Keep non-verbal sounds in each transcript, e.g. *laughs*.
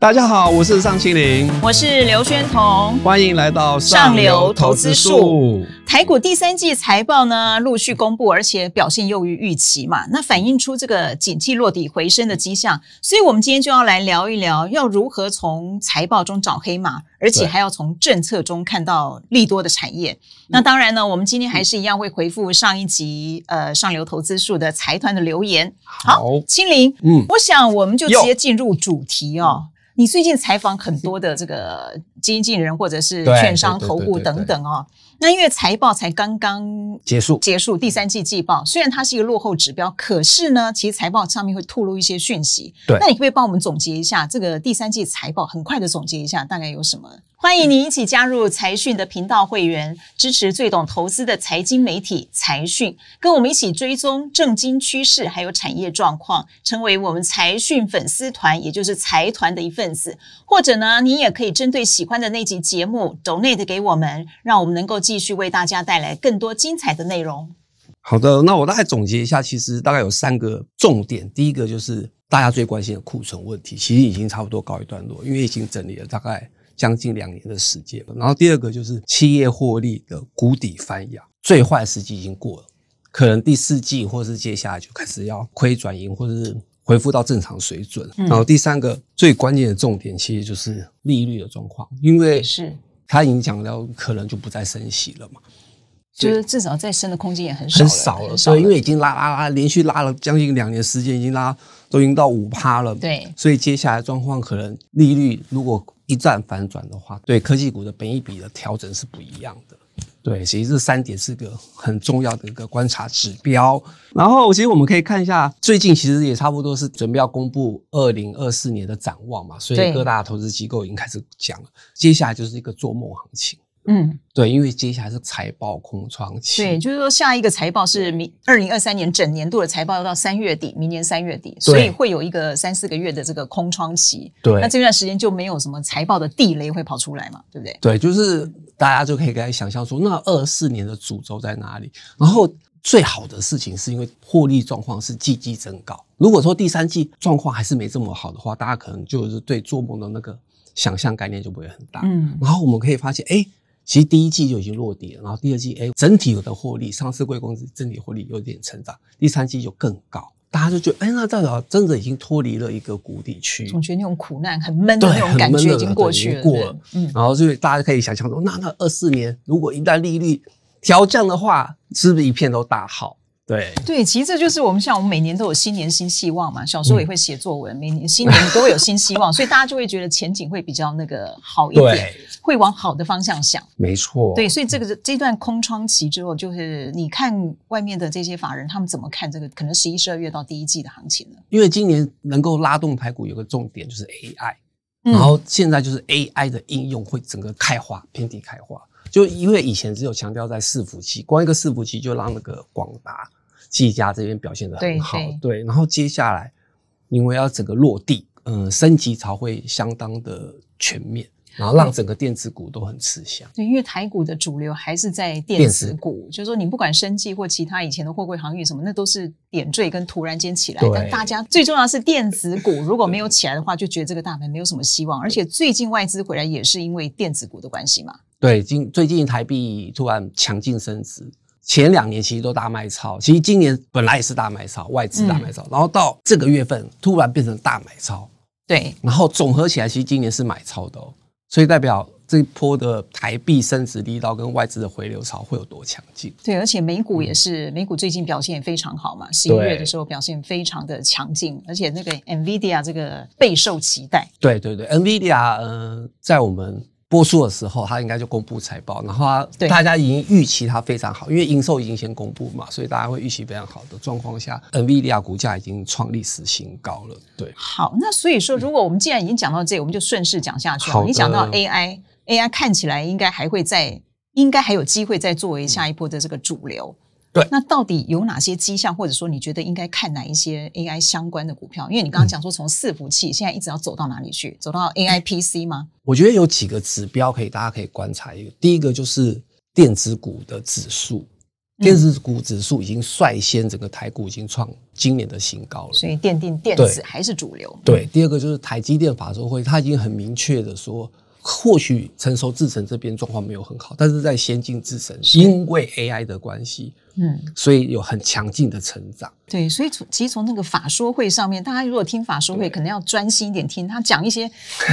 大家好，我是尚清林，我是劉軒彤，歡迎來到上流，上流投資術。台股第三季財報呢陸續公布，而且表現優於預期嘛，那反映出這個景氣落底回升的跡象。所以，我們今天就要來聊一聊，要如何從財報中找黑馬，而且還要從政策中看到利多的產業。那當然呢，我們今天還是一樣會回復上一集、嗯、呃上流投資術的財團的留言。好，清林，嗯，我想我們就直接進入主題哦。嗯你最近採訪很多的這個，經紀人或者是券商投顧等等哦，那因為財報才剛剛結束，結束第三季季報，雖然它是一個落後指標，可是呢，其實財報上面會透露一些訊息。對，那你可不可以幫我們總結一下這個第三季財報，很快的總結一下大概有什麼。歡迎您一起加入財訊的頻道會員，支持最懂投資的財經媒體財訊，跟我們一起追蹤政經趨勢還有產業狀況，成為我們財訊粉絲團，也就是財團的一份子。或者呢，你也可以針對喜歡的那集節目，donate 給我們，讓我們能夠繼續為大家帶來更多精彩的內容。好的，那我大概總結一下，其實大概有三個重點。第一個就是大家最關心的庫存問題，其實已經差不多告一段落了，因為已經整理了大概將近兩年的時間了。然後第二個就是企業獲利的谷底翻揚，最壞時期已經過了，可能第四季或是接下來就開始要虧轉盈，或是。恢復到正常水準，嗯、然後第三個最關鍵的重點，其實就是利率的狀況，因為是它影響到可能就不再升息了嘛，就是至少再升的空間也很少很少了，所以因為已經拉拉拉連續拉了將近兩年時間，已經拉都已經到五趴了，對，所以接下來狀況可能利率如果一旦反轉的話，對科技股的本益比的調整是不一樣的。對，其實這三點是個很重要的一個觀察指標。然後，其實我們可以看一下，最近其實也差不多是準備要公布2024年的展望嘛，所以各大的投資機構已經開始講了。接下來就是一個做夢行情。嗯，對，因為接下來是財報空窗期，對，就是說下一個財報是明二零二三年整年度的財報要到三月底，明年三月底，所以會有一個三四個月的這個空窗期。對，那這段時間就沒有什麼財報的地雷會跑出來嘛，對不對？對，就是大家就可以開始想象說，那二四年的主軸在哪裡？然後最好的事情是因為獲利狀況是季季增高，如果說第三季狀況還是沒這麼好的話，大家可能就是對做夢的那個想象概念就不會很大。嗯，然後我們可以發現，哎。其實第一季就已經落地了，然後第二季，哎，整體有的獲利，上市櫃公司整體獲利有點成長，第三季就更高，大家就覺得，哎，那代表真的已經脫離了一個谷底區，總覺得那種苦難很悶的那種感覺已經過去了，已經過了，嗯，然後所以大家可以想象說，那那二四年如果一旦利率調降的話，是不是一片都大好？對對，其實這就是我們像我們每年都有新年新希望嘛。小時候也會寫作文、嗯，每年新年都會有新希望， *laughs* 所以大家就會覺得前景會比較那個好一點，對會往好的方向想。沒錯。對，所以這個這段空窗期之後，就是你看外面的這些法人他們怎麼看這個？可能十一、十二月到第一季的行情呢？因為今年能夠拉動台股有個重點就是 AI，然後現在就是 AI 的應用會整個開花遍地開花，就因為以前只有強調在伺服器，光一個伺服器就讓那個廣達。技嘉這邊表現得很好對對，對，然後接下來，因為要整個落地，嗯、呃，升級潮會相當的全面，然後讓整個電子股都很吃香。對，對，因為台股的主流還是在電子股，子就是說你不管生技或其他以前的貨櫃行業什麼，那都是點綴跟突然間起來的。對，但大家最重要的是電子股如果沒有起來的話，就覺得這個大盤沒有什麼希望。而且最近外資回來也是因為電子股的關係嘛。對，近最近台幣突然強勁升值。前兩年其實都大賣超，其實今年本來也是大賣超，外資大賣超、嗯，然後到這個月份突然變成大買超，對。然後總合起來，其實今年是買超的、哦，所以代表這一波的台幣升值力道跟外資的回流潮會有多強勁？對，而且美股也是，嗯、美股最近表現也非常好嘛，十一月的時候表現非常的強勁，而且那個 NVIDIA 這個備受期待。對對對，NVIDIA 嗯、呃，在我們。播出的時候，他應該就公布財報，然後他大家已經預期他非常好，因為營收已經先公布嘛，所以大家會預期非常好的狀況下，NVIDIA 股價已經創歷史新高了。對，好，那所以說，如果我們既然已經講到這、嗯，我們就順勢講下去好了。好，你講到 AI，AI AI 看起來應該還會在，應該還有機會再作為下一波的這個主流。嗯嗯對，那到底有哪些跡象，或者說你覺得應該看哪一些 AI 相關的股票？因為你剛剛講說從伺服器現在一直要走到哪裡去、嗯，走到 AIPC 嗎？我覺得有幾個指標可以，大家可以觀察一個。第一個就是電子股的指數，電子股指數已經率先整個台股已經創今年的新高了，嗯、所以奠定電子還是主流。對，對，第二個就是台積電法說會，它已經很明確的說。或許成熟製程這邊狀況沒有很好，但是在先進製程，因為 AI 的關係，嗯，所以有很強勁的成長。對，所以從其實從那個法說會上面，大家如果聽法說會，可能要專心一點聽他講一些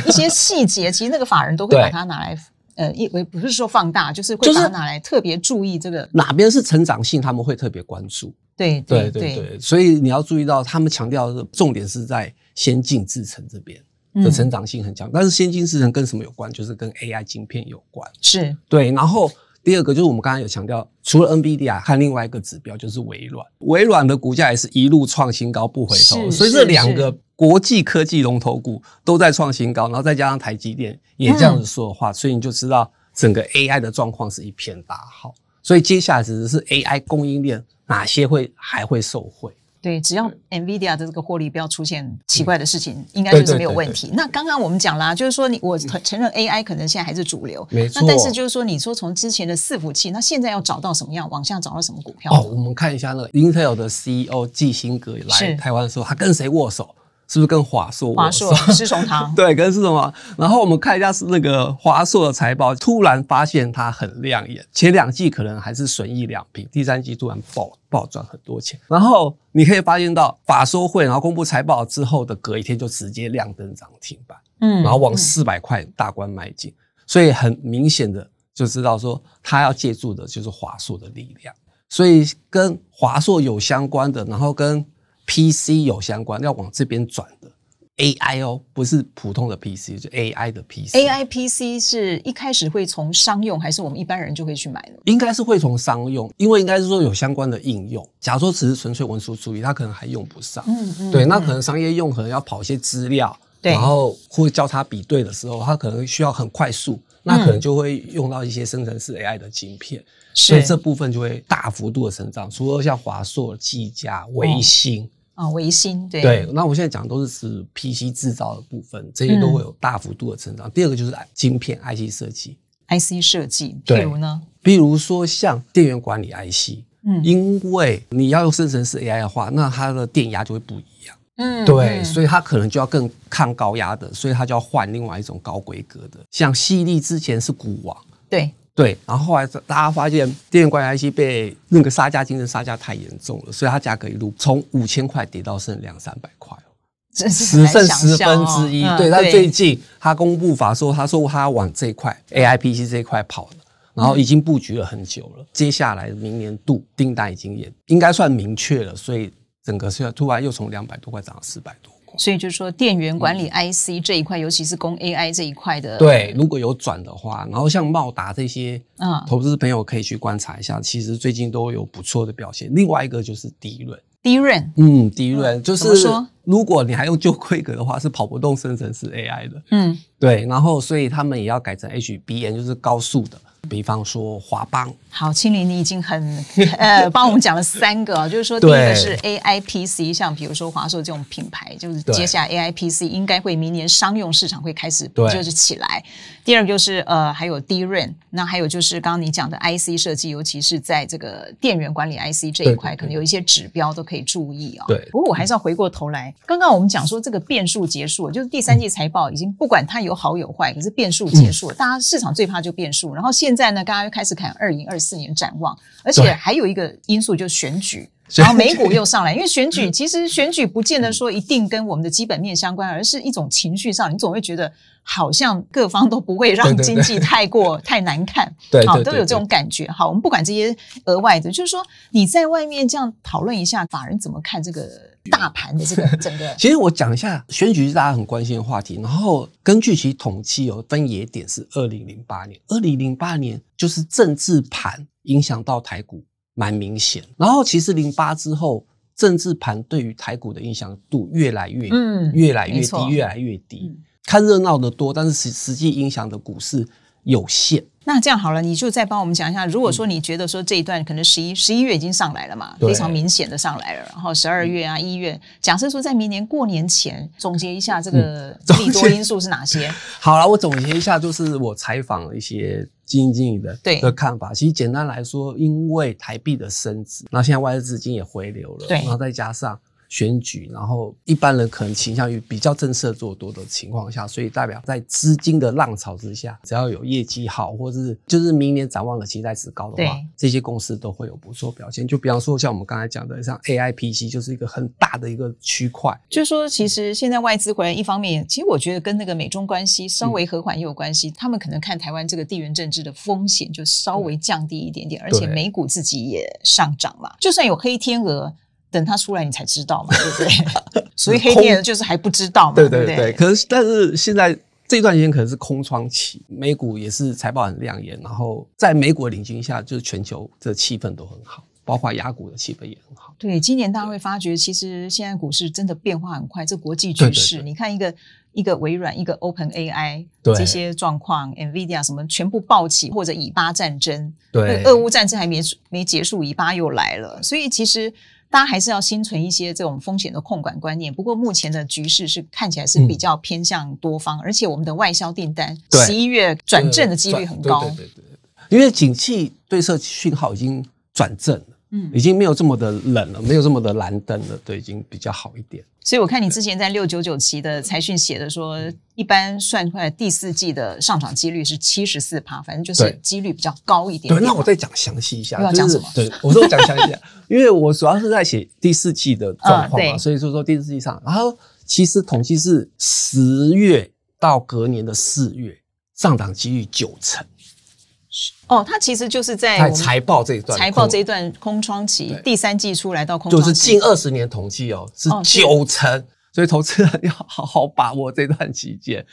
一些細節。 *laughs* 其實那個法人都會把它拿來，呃，一不是說放大，就是會把它拿來特別注意這個、就是、哪邊是成長性，他們會特別關注。對對對對，對，所以你要注意到，他們強調的重點是在先進製程這邊。的成長性很強，但是先進製程跟什麼有關？就是跟 AI 晶片有關，是對。然後第二個就是我們剛剛有強調，除了 NVIDIA 還有另外一個指標就是微軟，微軟的股價也是一路創新高不回頭，所以這兩個國際科技龍頭股都在創新高，然後再加上台積電也這樣子說的話、嗯，所以你就知道整個 AI 的狀況是一片大好。所以接下來指的是 AI 供應鏈哪些會還會受惠。對，只要 NVIDIA 的這個獲利不要出現奇怪的事情，嗯、應該就是沒有問題。對對對對，那剛剛我們講啦、啊，就是說你我承認 AI 可能現在還是主流，沒錯。那但是就是說，你說從之前的伺服器，那現在要找到什麼樣往下找到什麼股票？哦，我們看一下那個 Intel 的 CEO 季辛格來台灣的時候，他跟誰握手？是不是跟華碩、華碩、施崇棠， *laughs* 對，跟施崇啊。然後我們看一下是那個華碩的財報，突然發現它很亮眼，前兩季可能還是損益兩平，第三季突然暴暴賺很多錢。然後你可以發現到法說會，然後公布財報之後的隔一天就直接亮燈漲停板，嗯，然後往四百塊大關邁進、嗯，所以很明顯的就知道說它要借助的就是華碩的力量，所以跟華碩有相關的，然後跟 P C 有相關要往這邊轉的 A I 哦，不是普通的 P C，就 A I 的 P C。A I P C 是一開始會從商用還是我們一般人就可以去買的？應該是會從商用，因為應該是說有相關的應用。假如說只是純粹文書處理，它可能還用不上。嗯嗯。對，那可能商業用可能要跑一些資料，嗯嗯，然後或交叉比對的時候，它可能需要很快速，那可能就會用到一些生成式 A I 的晶片，嗯，所以這部分就會大幅度的成長。除了像華碩、技嘉、微星。哦啊、哦，微星對。對，那我現在講都是指 PC 製造的部分，這些都會有大幅度的成長。嗯、第二個就是晶片 IC 設計，IC 設計，對，比如呢？比如說像電源管理 IC，嗯，因為你要用生成式 AI 的話，那它的電壓就會不一樣，嗯，對嗯，所以它可能就要更抗高壓的，所以它就要換另外一種高規格的。像矽力之前是股王，對。對，然後後來大家發現電源關係 IC 被那個殺價競爭殺價太嚴重了，所以它價格一路從五千塊跌到剩兩三百塊哦，只剩十分之一。對，但最近他公布法說，他說他往這一塊 AIPC 這一塊跑了，然後已經布局了很久了，接下來明年度訂單已經也應該算明確了，所以整個是突然又從兩百多塊漲到四百多。所以就是說，電源管理 IC 這一塊、嗯，尤其是供 AI 這一塊的，對，如果有轉的話，然後像茂達這些，嗯，投資朋友可以去觀察一下，嗯、其實最近都有不錯的表現。另外一個就是 DRAM，DRAM，嗯，DRAM、嗯、就是說，如果你還用舊規格的話，是跑不動生成式 AI 的，嗯，對，然後所以他們也要改成 HBM 就是高速的，比方說華邦。好，清林，你已經很呃幫我們講了三個啊， *laughs* 就是說第一個是 AIPC，像比如說華碩這種品牌，就是接下來 AIPC 應該會明年商用市場會開始就是起來。第二就是呃還有 DRAM，那還有就是剛剛你講的 IC 設計，尤其是在這個電源管理 IC 這一塊，可能有一些指標都可以注意啊、哦。對，不、哦、過我還是要回過頭來，剛剛我們講說這個變數結束了，就是第三季財報已經不管它有好有壞、嗯，可是變數結束了、嗯，大家市場最怕就變數。然後現在呢，大家又開始看二零二四。四年展望，而且還有一個因素就是選舉，然後美股又上來， *laughs* 因為選舉其實選舉不見得說一定跟我們的基本面相關，而是一種情緒上，你總會覺得好像各方都不會讓經濟太過，對對對，太難看，對，對，對，對，對，都有這種感覺。好，我們不管這些額外的，就是說你在外面這樣討論一下，法人怎麼看這個？大盤的這個整個， *laughs* 其實我講一下選舉是大家很關心的話題。然後根據其統計哦，分野點是二零零八年，二零零八年就是政治盤影響到台股蠻明顯。然後其實零八之後，政治盤對於台股的影響度越來越嗯，越來越低，越來越低。看熱鬧的多，但是實實際影響的股市。有限。那這樣好了，你就再幫我們講一下，如果說你覺得說這一段可能十一十一月已經上來了嘛，非常明顯的上來了，然後十二月啊、嗯、一月，假設說在明年過年前，總結一下這個利多因素是哪些？嗯、好啦，我總結一下，就是我採訪了一些基金經理的對的看法。其實簡單來說，因為台幣的升值，那現在外資資金也回流了，對，然後再加上。選舉，然後一般人可能傾向於比較政策做多的情況下，所以代表在資金的浪潮之下，只要有業績好，或者是就是明年展望的期待值高的話，這些公司都會有不錯表現。就比方說，像我們剛才講的，像 AI PC 就是一個很大的一個區塊。就是說其實現在外資回來，一方面，其實我覺得跟那個美中關係稍微和緩也有關係，嗯，他們可能看台灣這個地緣政治的風險就稍微降低一點點，而且美股自己也上漲了。就算有黑天鵝。等它出來你才知道嘛，對不對？所 *laughs* 以黑店就是還不知道嘛。對對對，對，對。可是，但是現在這段時間可能是空窗期，美股也是財報很亮眼，然後在美國領軍下，就是全球的氣氛都很好，包括亞股的氣氛也很好。對，今年大家會發覺，其實現在股市真的變化很快。這國際局勢，對對對你看一個一個微軟，一個 Open AI 對這些狀況，Nvidia 什麼全部爆起，或者以巴戰爭，對，俄烏戰爭還沒沒結束，以巴又來了，所以其實。大家還是要心存一些這種風險的控管觀念。不過目前的局勢是看起來是比較偏向多方，嗯、而且我們的外銷訂單十一月轉正的幾率很高。嗯、對對對對對，因為景氣對策訊號已經轉正了。嗯，已經沒有這麼的冷了，沒有這麼的藍燈了，都已經比較好一點。所以我看你之前在六九九期的財訊寫的說，一般算出來第四季的上漲幾率是七十四趴，反正就是幾率比較高一點點吧？對。對，那我再講詳細一下，我要講什麼？就是，對，我都講詳細一下。 *laughs* 因為我主要是在寫第四季的狀況嘛，哦，所以說說第四季上，然後其實統計是十月到隔年的四月上漲幾率九成。哦，它其實就是在財報這一段，財報這一段空窗期，第三季出來到空窗期，就是近二十年統計哦，是九成。所以投資人要好好把握這段期間。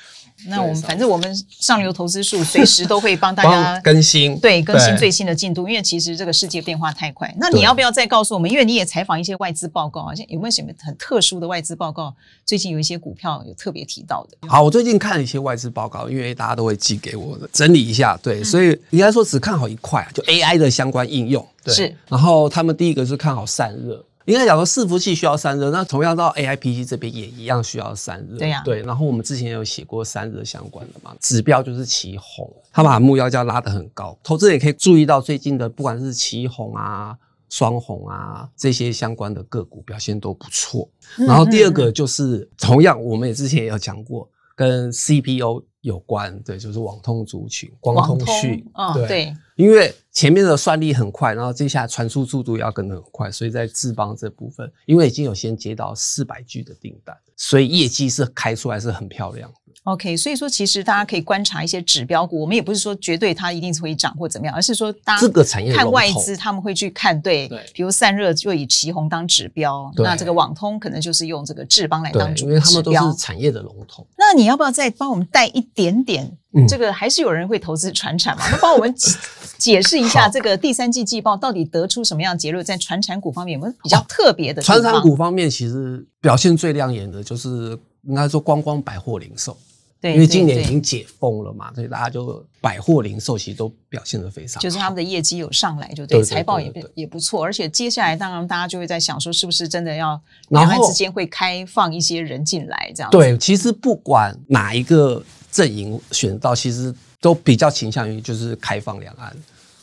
那我們反正我們上流投資術隨時都會幫大家更新，對，更新最新的進度，因為其實這個世界變化太快。那你要不要再告訴我們？因為你也採訪一些外資報告啊，像有沒有什麼很特殊的外資報告？最近有一些股票有特別提到的 *laughs* 好，我最近看了一些外資報告，因為大家都會寄給我的，整理一下，對，所以應該說只看好一塊，就 AI 的相關應用。是，然後他們第一個是看好散熱。應該講說，伺服器需要散熱，那同樣到 A I P C 這邊也一樣需要散熱。對呀、啊，對。然後我們之前也有寫過散熱相關的嘛，指標就是奇鋐，他把目標價拉得很高。投資人也可以注意到最近的，不管是奇鋐啊、雙鴻啊這些相關的個股表現都不錯、嗯嗯。然後第二個就是，同樣我們也之前也有講過。跟 CPO 有關，對，就是網通族群，光通訊、哦，對，因為前面的算力很快，然後接下來傳輸速度也要跟得很快，所以在智邦這部分，因為已經有先接到四百 G 的訂單，所以業績是開出來是很漂亮的。OK，所以說其實大家可以觀察一些指標股，我們也不是說絕對它一定是會漲或怎麼樣，而是說大家看外資他們會去看對，比如散熱就以奇鋐當指標，那這個網通可能就是用這個智邦來當指標，對，因為他們都是產業的龍頭。那你要不要再幫我們帶一點點，嗯？這個還是有人會投資傳產嘛？那幫我們解釋一下這個第三季季報到底得出什麼樣結論？在傳產股方面，有沒有比較特別的傳產、哦、股方面，其實表現最亮眼的就是。應該說，觀光百貨零售，對，因為今年已經解封了嘛，所以大家就百貨零售其實都表現得非常好，就是他們的業績有上來就對，就對，財報也對對對對也不錯。而且接下來，當然大家就會在想說，是不是真的要兩岸之間會開放一些人進來這樣子？對，其實不管哪一個陣營選到，其實都比較傾向於就是開放兩岸。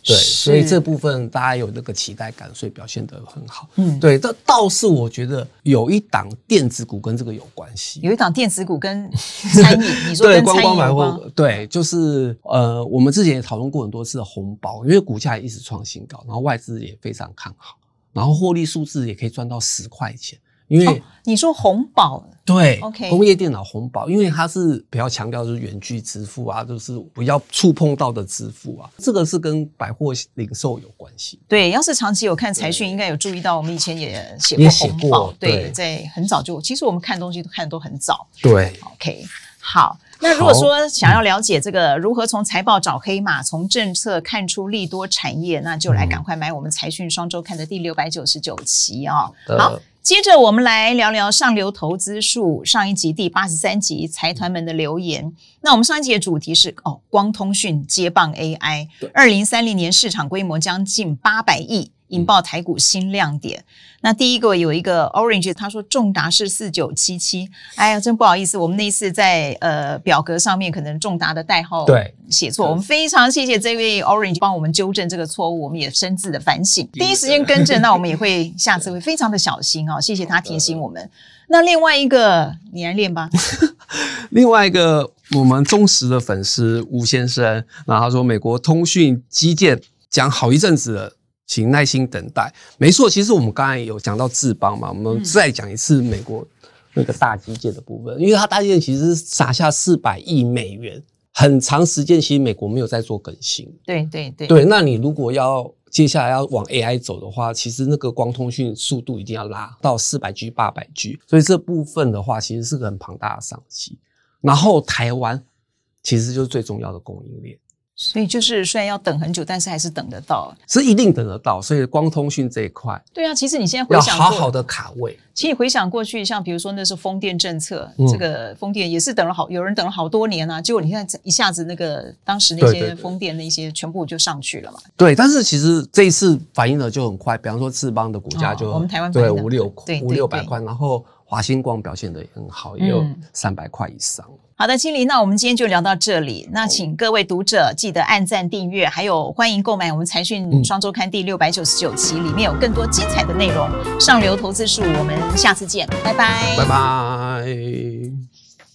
對，所以這部分大家有那個期待感，所以表現得很好。嗯，對，這倒是我覺得有一檔電子股跟這個有關係，有一檔電子股跟餐飲， *laughs* 你說對，觀光百貨，對，就是呃，我們之前也討論過很多次紅包，因為股價一直創新高，然後外資也非常看好，然後獲利數字也可以賺到十塊錢。因為、哦、你說紅寶對，OK，工業電腦紅寶，因為它是比較強調就是遠距支付啊，就是不要觸碰到的支付啊，這個是跟百貨零售有關係。對，要是長期有看財訊，應該有注意到，我們以前也寫過紅寶，對，在很早就，其實我們看東西都看得都很早。對，OK，好，那如果說想要了解這個、嗯、如何從財報找黑馬，從政策看出利多產業，那就來趕快買我們財訊雙周刊的第六百九十九期啊、哦呃，好。接着我們來聊聊上流投資術，上一集第八十三集財團們的留言。那我們上一集的主題是哦，光通訊接棒 AI，對，二零三零年市場規模將近八百億。引爆台股新亮點。那第一個有一個 Orange，他說重達是四九七七。哎呀，真不好意思，我們那次在呃表格上面，可能重達的代號對寫錯。我們非常謝謝這位 Orange 幫我們糾正這個錯誤，我們也深自的反省，嗯、第一時間更正。那我們也會下次會非常的小心哦，謝謝他提醒我們。那另外一個你來念吧。 *laughs* 另外一個我們忠實的粉絲吳先生，那他說美國通訊基建講好一陣子了。請耐心等待。沒錯，其實我們剛才有講到智邦嘛，我們再講一次美國那個大基建的部分，嗯、因為它大基建其實是撒下四百億美元，很長時間其實美國沒有在做更新。對對對。對，那你如果要接下來要往 AI 走的話，其實那個光通訊速度一定要拉到四百 G、八百 G，所以這部分的話其實是個很龐大的商機。然後台灣其實就是最重要的供應鏈。所以就是雖然要等很久，但是還是等得到，是一定等得到。所以光通訊這一塊，對啊，其實你現在回想好好的卡位，其實回想過去，像比如說那時候風電政策、嗯，這個風電也是等了好有人等了好多年啊，結果你現在一下子那個當時那些風電那些，對對對那些全部就上去了嘛。對，但是其實這一次反應的就很快，比方說智邦的股價就、哦、我們台灣對五六塊五六百塊，然後華星光表現的也很好，對對對也有三百塊以上。好的，清林，那我們今天就聊到這裡。那請各位讀者記得按讚訂閱，還有歡迎購買我們財訊雙週刊第六百九十九期，裡面有更多精彩的內容。上流投資術，我們下次見，拜拜，拜拜。